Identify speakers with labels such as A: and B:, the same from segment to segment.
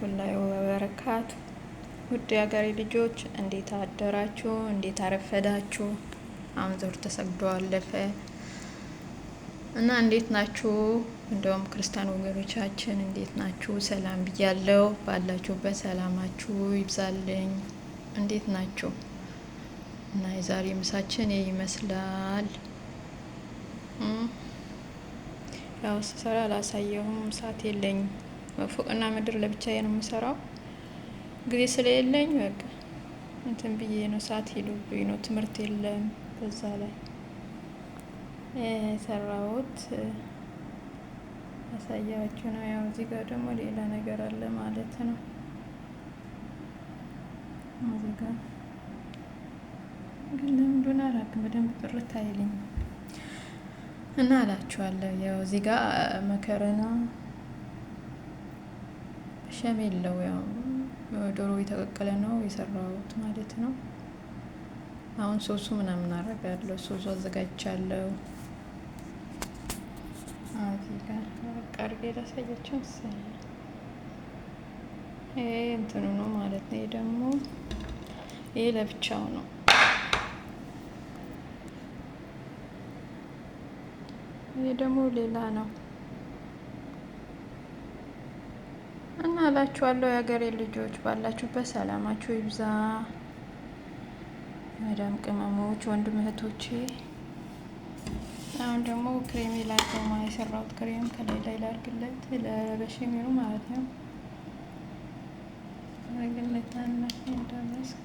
A: ወራህመቱላሂ ወበረካቱ ውድ የሀገሬ ልጆች እንዴት አደራችሁ? እንዴት አረፈዳችሁ? አምዞር ተሰግዶ አለፈ እና እንዴት ናችሁ? እንደውም ክርስቲያን ወገኖቻችን እንዴት ናችሁ? ሰላም ብያለሁ። ባላችሁበት ሰላማችሁ ይብዛልኝ። እንዴት ናችሁ? እና የዛሬ ምሳችን ይመስላል። ያው ስሰራ አላሳየሁም፣ ሰዓት የለኝም። ፎቅና ምድር ለብቻዬ ነው የምሰራው። ጊዜ ስለሌለኝ በቃ እንትን ብዬ ነው ሰዓት ሄዶብኝ ነው። ትምህርት የለም በዛ ላይ የሰራሁት ያሳያችሁ ነው። ያው እዚህ ጋር ደግሞ ሌላ ነገር አለ ማለት ነው። እዚህ ጋር ግን ለምንድን አላውቅም በደንብ ጥርት አይልኝ እና አላችኋለሁ። ያው እዚህ ጋር መከረና ሸም የለው ያው ዶሮ የተቀቀለ ነው የሰራሁት ማለት ነው። አሁን ሶሱ ምናምን አረጋለሁ። ሶሱ አዘጋጅቻለሁ። እዚህ ጋር በቃ አድርጌ ላሳያቸው መሰለኝ። እንትኑ ነው ማለት ነው። ይሄ ደግሞ ይሄ ለብቻው ነው። ይሄ ደግሞ ሌላ ነው። እና አላችኋለሁ የሀገሬ ልጆች ባላችሁበት ሰላማችሁ ይብዛ። መዳም ቅመሞች፣ ወንድም እህቶቼ፣ አሁን ደግሞ ክሬም ላርገማ የሰራሁት ክሬም ከላይ ላይ ላርግለት ለበሽሚሩ ማለት ነው። ረግለታና እንደመስክ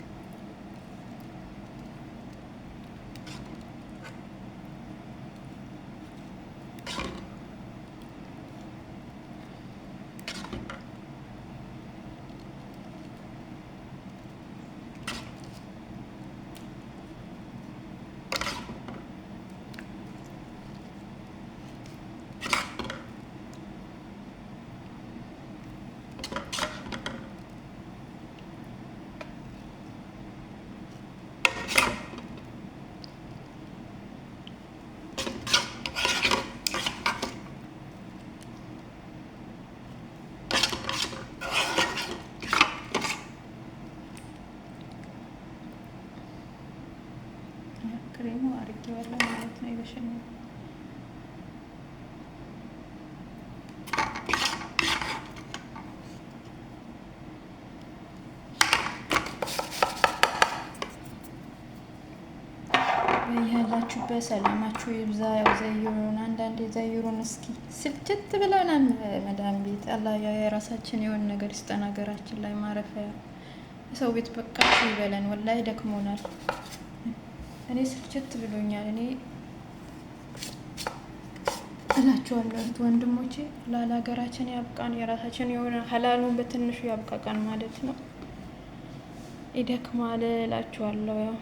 A: ክሬሙ አድርጌዋለሁ ማለት ነው። የበሸኛ ያላችሁበት ሰላማችሁ ይብዛ። ያው ዘይሩን አንዳንዴ ዘይሩን እስኪ ስልችት ብለናል። መዳም ቤት አላህ የራሳችን የሆነ ነገር ይስጠን። ሀገራችን ላይ ማረፊያ ሰው ቤት በቃ ይበለን። ወላይ ደክሞናል። እኔ ስልችት ብሎኛል። እኔ እላችኋለሁ ወንድሞቼ፣ ላለ ሀገራችን ያብቃን። የራሳችን የሆነ ሀላሉን በትንሹ ያብቃቃን ማለት ነው። ይደክማል እላችኋለሁ። ያው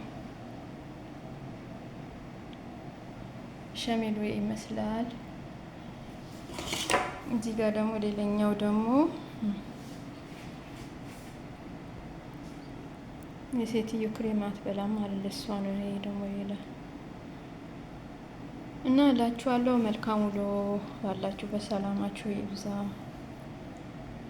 A: ሸሜል ወይ ይመስላል። እዚህ ጋር ደግሞ ሌላኛው ደግሞ የሴትዮ ክሬም አትበላም አለ እሷ ነው። ይሄ ደግሞ ይላል እና እላችኋለሁ መልካም ውሎ ባላችሁ በሰላማችሁ ይብዛ።